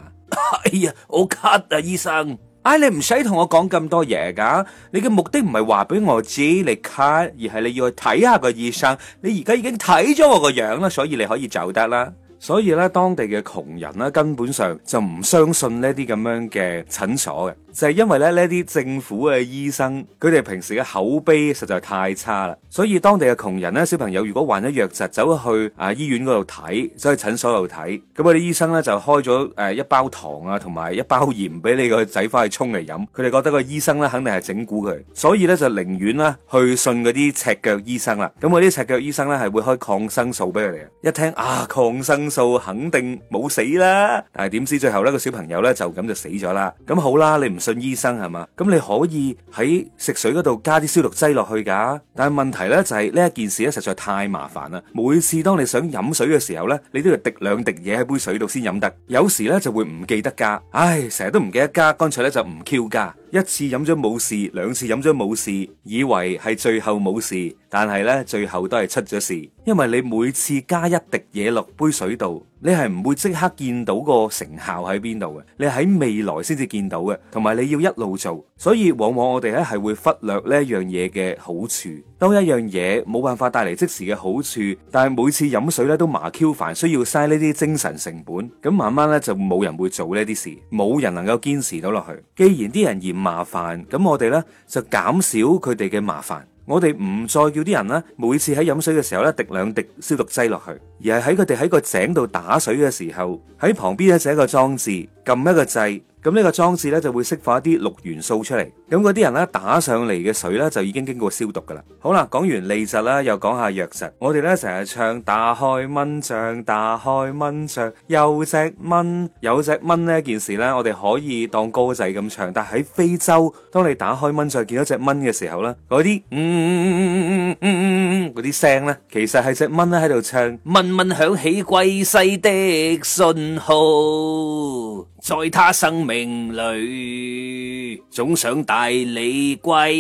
哎呀，我咳啊，醫生！哎，你唔使同我講咁多嘢噶、啊，你嘅目的唔係話俾我知你咳，而係你要去睇下個醫生。你而家已經睇咗我個樣啦，所以你可以走得啦。所以咧，當地嘅窮人咧，根本上就唔相信呢啲咁樣嘅診所嘅。就係因為咧，呢啲政府嘅醫生，佢哋平時嘅口碑實在太差啦，所以當地嘅窮人呢，小朋友如果患咗痢疾，走去啊醫院嗰度睇，走去診所度睇，咁嗰啲醫生呢就開咗誒一包糖啊，同埋一包鹽俾你個仔翻去沖嚟飲。佢哋覺得個醫生呢肯定係整蠱佢，所以呢就寧願咧去信嗰啲赤腳醫生啦。咁嗰啲赤腳醫生呢係會開抗生素俾佢哋。一聽啊，抗生素肯定冇死啦，但係點知最後呢個小朋友呢就咁就死咗啦。咁好啦，你唔～信醫生係嘛，咁你可以喺食水嗰度加啲消毒劑落去噶，啊，但係問題咧就係呢一件事咧實在太麻煩啦。每次當你想飲水嘅時候呢，你都要滴兩滴嘢喺杯水度先飲得，有時呢就會唔記得加，唉，成日都唔記得加，乾脆呢就唔 q 加。一次飲咗冇事，兩次飲咗冇事，以為係最後冇事，但係呢，最後都係出咗事。因為你每次加一滴嘢落杯水度，你係唔會即刻見到個成效喺邊度嘅，你喺未來先至見到嘅，同埋你要一路做，所以往往我哋咧係會忽略呢一樣嘢嘅好處。多一樣嘢冇辦法帶嚟即時嘅好處，但係每次飲水咧都麻 Q 煩，需要嘥呢啲精神成本，咁慢慢咧就冇人會做呢啲事，冇人能夠堅持到落去。既然啲人嫌，麻煩，咁我哋呢，就減少佢哋嘅麻煩，我哋唔再叫啲人呢，每次喺飲水嘅時候呢，滴兩滴消毒劑落去，而係喺佢哋喺個井度打水嘅時候，喺旁邊呢，整一個裝置，撳一個掣。咁呢個裝置呢，就會釋放一啲氯元素出嚟，咁嗰啲人呢，打上嚟嘅水呢，就已經經過消毒噶啦。好啦，講完痢疾啦，又講下瘧疾。我哋呢，成日唱打開蚊帳，打開蚊帳，有隻蚊，有隻蚊呢件事呢，我哋可以當歌仔咁唱。但喺非洲，當你打開蚊帳見到隻蚊嘅時候呢，嗰啲嗯嗯嗯嗯嗯嗯嗯嗯嗰啲聲呢，其實係隻蚊咧喺度唱蚊蚊響起歸西的信號。在他生命裏，總想帶你歸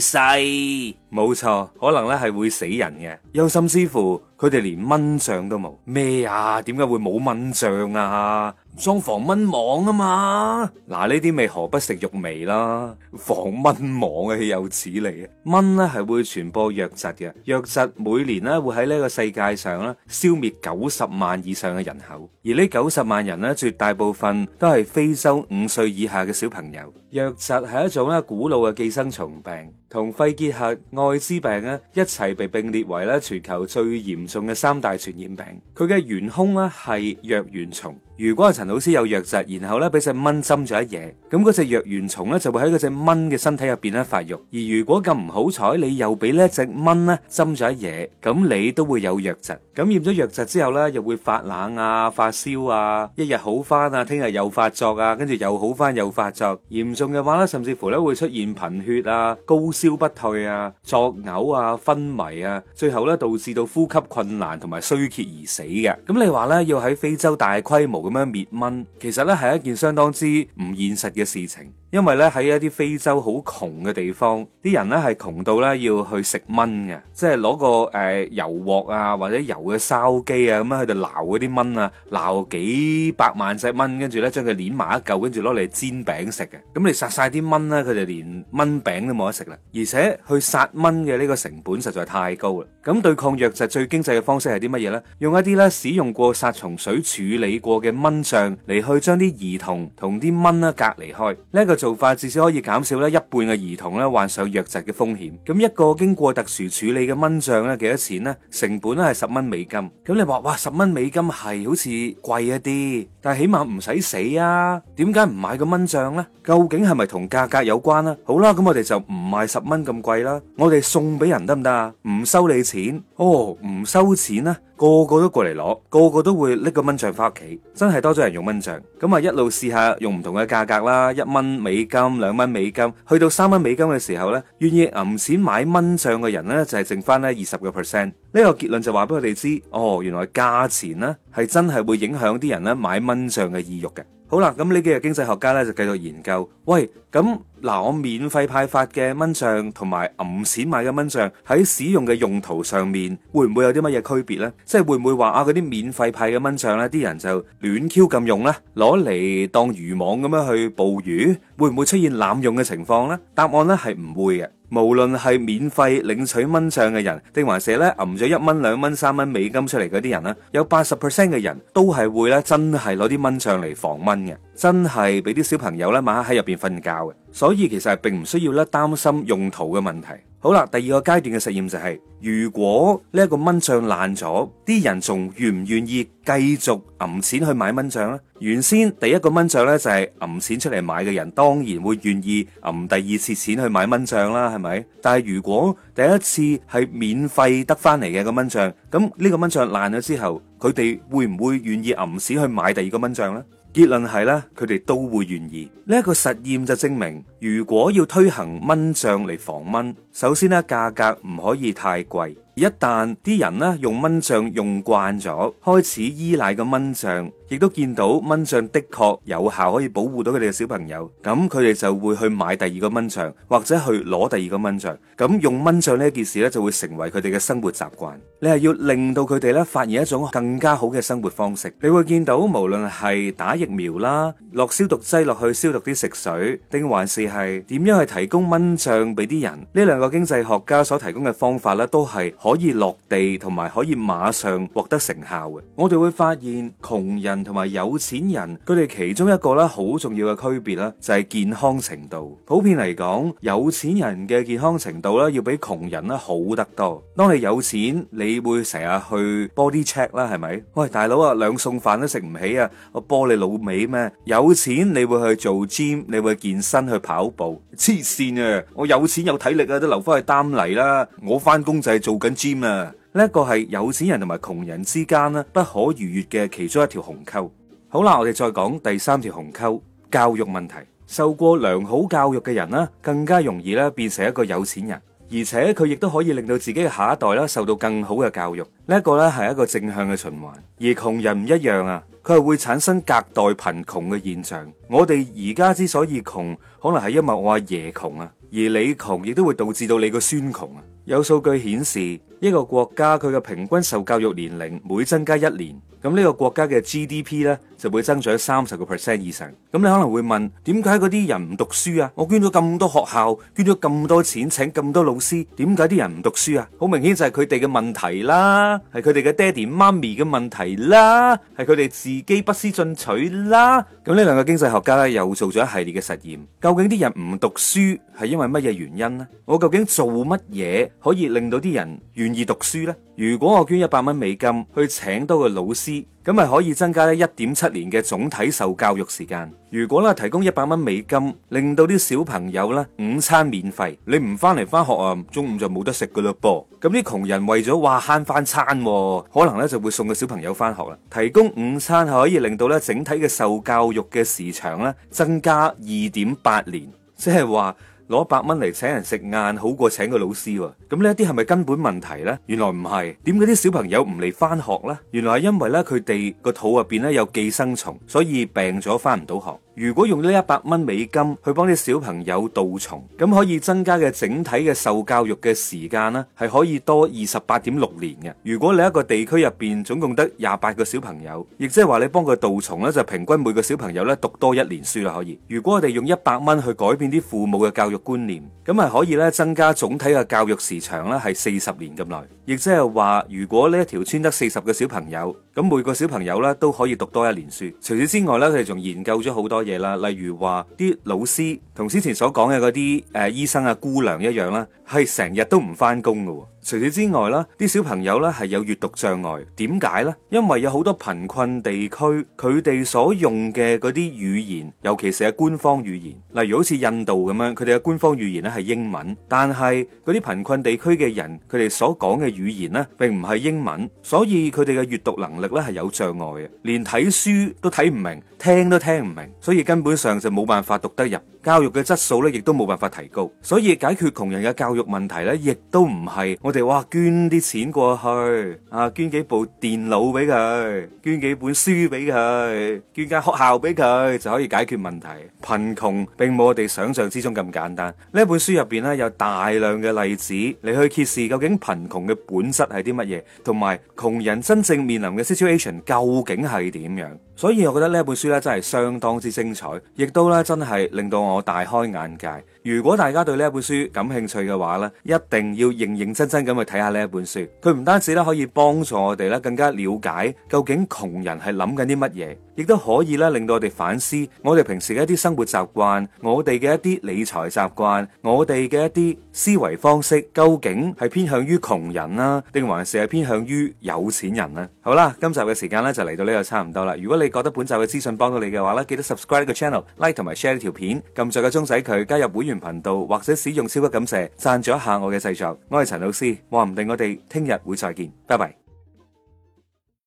西。冇錯，可能咧係會死人嘅。憂心師傅，佢哋連蚊帳都冇咩啊？點解會冇蚊帳啊？裝防蚊網啊嘛。嗱，呢啲咪何不食肉糜啦？防蚊網嘅豈有此理啊！蚊咧係會傳播瘧疾嘅。瘧疾每年咧會喺呢個世界上咧消滅九十萬以上嘅人口，而呢九十萬人咧絕大部分都係非洲五歲以下嘅小朋友。瘧疾係一種咧古老嘅寄生蟲病。同肺結核、愛滋病一齊被並列為全球最嚴重嘅三大傳染病。佢嘅元兇咧係瘧原蟲。如果阿陳老師有瘧疾，然後咧俾隻蚊針咗一嘢，咁嗰隻瘧原蟲咧就會喺嗰隻蚊嘅身體入邊咧發育。而如果咁唔好彩，你又俾呢一隻蚊咧針咗一嘢，咁你都會有瘧疾。咁染咗瘧疾之後咧，又會發冷啊、發燒啊，一日好返啊，聽日又發作啊，跟住又好返又發作。嚴重嘅話咧，甚至乎咧會出現貧血啊、高燒不退啊、作嘔啊、昏迷啊，最後咧導致到呼吸困難同埋衰竭而死嘅。咁你話咧要喺非洲大規模，咁樣滅蚊，其實咧係一件相當之唔現實嘅事情。因為咧喺一啲非洲好窮嘅地方，啲人咧係窮到咧要去食蚊嘅，即係攞個誒油鑊啊或者油嘅燒機啊咁樣喺度撈嗰啲蚊啊，撈幾百萬隻蚊，跟住咧將佢捻埋一嚿，跟住攞嚟煎餅食嘅。咁你殺晒啲蚊咧，佢就連蚊餅都冇得食啦。而且去殺蚊嘅呢個成本實在太高啦。咁對抗藥就最經濟嘅方式係啲乜嘢咧？用一啲咧使用過殺蟲水處理過嘅蚊帳嚟去將啲兒童同啲蚊咧隔離開。呢一個做法至少可以減少咧一半嘅兒童咧患上瘧疾嘅風險。咁一個經過特殊處理嘅蚊帳咧，幾多錢咧？成本咧係十蚊美金。咁你話哇，十蚊美金係好似貴一啲，但係起碼唔使死啊。點解唔買個蚊帳呢？究竟係咪同價格有關啦？好啦，咁我哋就唔賣十蚊咁貴啦，我哋送俾人得唔得啊？唔收你錢，哦，唔收錢呢？個個都過嚟攞，個個都會拎個蚊帳翻屋企，真係多咗人用蚊帳。咁啊一路試下用唔同嘅價格啦，一蚊美金、兩蚊美金，去到三蚊美金嘅時候咧，願意揞錢買蚊帳嘅人咧就係剩翻咧二十個 percent。呢個結論就話俾我哋知，哦，原來價錢咧係真係會影響啲人咧買蚊帳嘅意欲嘅。好啦，咁呢幾個經濟學家咧就繼續研究，喂，咁。嗱，我免費派發嘅蚊帳同埋揞錢買嘅蚊帳喺使用嘅用途上面，會唔會有啲乜嘢區別呢？即係會唔會話啊，嗰啲免費派嘅蚊帳呢，啲人就亂 Q 咁用呢？攞嚟當魚網咁樣去捕魚，會唔會出現濫用嘅情況呢？答案呢係唔會嘅。無論係免費領取蚊帳嘅人，定還是咧揞咗一蚊兩蚊三蚊美金出嚟嗰啲人呢，有八十 percent 嘅人都係會咧真係攞啲蚊帳嚟防蚊嘅，真係俾啲小朋友咧晚黑喺入邊瞓覺嘅，所以其實係並唔需要咧擔心用途嘅問題。好啦，第二個階段嘅實驗就係、是，如果呢個蚊帳爛咗，啲人仲願唔願意繼續揜錢去買蚊帳呢？原先第一個蚊帳呢、就是，就係揜錢出嚟買嘅人，當然會願意揜第二次錢去買蚊帳啦，係咪？但係如果第一次係免費得翻嚟嘅個蚊帳，咁呢個蚊帳爛咗之後，佢哋會唔會願意揜錢去買第二個蚊帳呢？結論係呢，佢哋都會願意。呢、這、一個實驗就證明，如果要推行蚊帳嚟防蚊。首先呢，價格唔可以太貴。一旦啲人呢，用蚊帳用慣咗，開始依賴個蚊帳，亦都見到蚊帳的確有效可以保護到佢哋嘅小朋友，咁佢哋就會去買第二個蚊帳，或者去攞第二個蚊帳。咁用蚊帳呢件事呢，就會成為佢哋嘅生活習慣。你係要令到佢哋呢發現一種更加好嘅生活方式。你會見到無論係打疫苗啦，落消毒劑落去消毒啲食水，定還是係點樣去提供蚊帳俾啲人呢兩個經濟學家所提供嘅方法咧，都係可以落地同埋可以馬上獲得成效嘅。我哋會發現窮人同埋有錢人佢哋其中一個咧好重要嘅區別咧，就係健康程度。普遍嚟講，有錢人嘅健康程度咧，要比窮人咧好得多。當你有錢，你會成日去 body check 啦，係咪？喂，大佬啊，兩餸飯都食唔起啊，我波你老味咩？有錢你會去做 gym，你會健身去跑步。黐線啊！我有錢有體力啊，都～留翻去丹尼啦，我翻工就係做緊 gym 啊。呢一個係有錢人同埋窮人之間啦不可逾越嘅其中一條鴻溝。好啦，我哋再講第三條鴻溝，教育問題。受過良好教育嘅人呢，更加容易咧變成一個有錢人，而且佢亦都可以令到自己下一代啦受到更好嘅教育，呢一個咧係一個正向嘅循環。而窮人唔一樣啊，佢係會產生隔代貧窮嘅現象。我哋而家之所以窮，可能係因為我阿爺窮啊。而你窮，亦都會導致到你個孫窮啊！有數據顯示，一個國家佢嘅平均受教育年齡每增加一年，咁呢個國家嘅 GDP 咧。就會增長三十個 percent 以上。咁你可能會問，點解嗰啲人唔讀書啊？我捐咗咁多學校，捐咗咁多錢，請咁多老師，點解啲人唔讀書啊？好明顯就係佢哋嘅問題啦，係佢哋嘅爹哋媽咪嘅問題啦，係佢哋自己不思進取啦。咁呢兩個經濟學家咧又做咗一系列嘅實驗，究竟啲人唔讀書係因為乜嘢原因呢？我究竟做乜嘢可以令到啲人願意讀書呢？如果我捐一百蚊美金去請多個老師，咁咪可以增加咧，一點七年嘅總體受教育時間。如果咧提供一百蚊美金，令到啲小朋友咧午餐免費，你唔翻嚟翻學啊，中午就冇得食噶啦噃。咁啲窮人為咗話慳翻餐，可能咧就會送個小朋友翻學啦。提供午餐可以令到咧整體嘅受教育嘅時長咧增加二點八年，即係話。攞百蚊嚟請人食晏好過請個老師喎，咁呢啲係咪根本問題呢？原來唔係，點解啲小朋友唔嚟翻學呢？原來係因為咧佢哋個肚入邊咧有寄生蟲，所以病咗翻唔到學。如果用呢一百蚊美金去幫啲小朋友杜蟲，咁可以增加嘅整體嘅受教育嘅時間呢，係可以多二十八點六年嘅。如果你一個地區入邊總共得廿八個小朋友，亦即係話你幫佢杜蟲呢，就平均每個小朋友呢讀多一年書啦可以。如果我哋用一百蚊去改變啲父母嘅教育觀念，咁係可以咧增加總體嘅教育時長呢，係四十年咁耐。亦即係話，如果呢一條村得四十個小朋友，咁每個小朋友呢都可以讀多一年書。除此之外呢，佢哋仲研究咗好多。嘢啦，例如話啲老師同之前所講嘅嗰啲誒醫生啊、姑娘一樣啦，係成日都唔翻工噶。除此之外啦，啲小朋友咧係有閱讀障礙，點解咧？因為有好多貧困地區，佢哋所用嘅嗰啲語言，尤其是係官方語言，例如好似印度咁樣，佢哋嘅官方語言咧係英文，但係嗰啲貧困地區嘅人，佢哋所講嘅語言咧並唔係英文，所以佢哋嘅閱讀能力咧係有障礙嘅，連睇書都睇唔明，聽都聽唔明，所以根本上就冇辦法讀得入，教育嘅質素咧亦都冇辦法提高，所以解決窮人嘅教育問題咧，亦都唔係我。我哋哇捐啲錢過去，啊捐幾部電腦俾佢，捐幾本書俾佢，捐間學校俾佢，就可以解決問題。貧窮並冇我哋想象之中咁簡單。呢本書入邊咧有大量嘅例子，你去揭示究竟貧窮嘅本質係啲乜嘢，同埋窮人真正面臨嘅 situation 究竟係點樣？所以我覺得呢本書咧真係相當之精彩，亦都咧真係令到我大開眼界。如果大家對呢一本書感興趣嘅話咧，一定要認認真真咁去睇下呢一本書。佢唔單止咧可以幫助我哋咧更加了解究竟窮人係諗緊啲乜嘢，亦都可以咧令到我哋反思我哋平時嘅一啲生活習慣、我哋嘅一啲理財習慣、我哋嘅一啲思維方式，究竟係偏向於窮人啦、啊，定還是係偏向於有錢人咧、啊？好啦，今集嘅時間咧就嚟到呢度差唔多啦。如果你覺得本集嘅資訊幫到你嘅話咧，記得 subscribe 個 channel、like 同埋 share 呢條片，撳着個鐘仔佢加入會員頻道，或者使用超級感謝贊助一下我嘅製作。我係陳老 C，話唔定我哋聽日會再見。拜拜。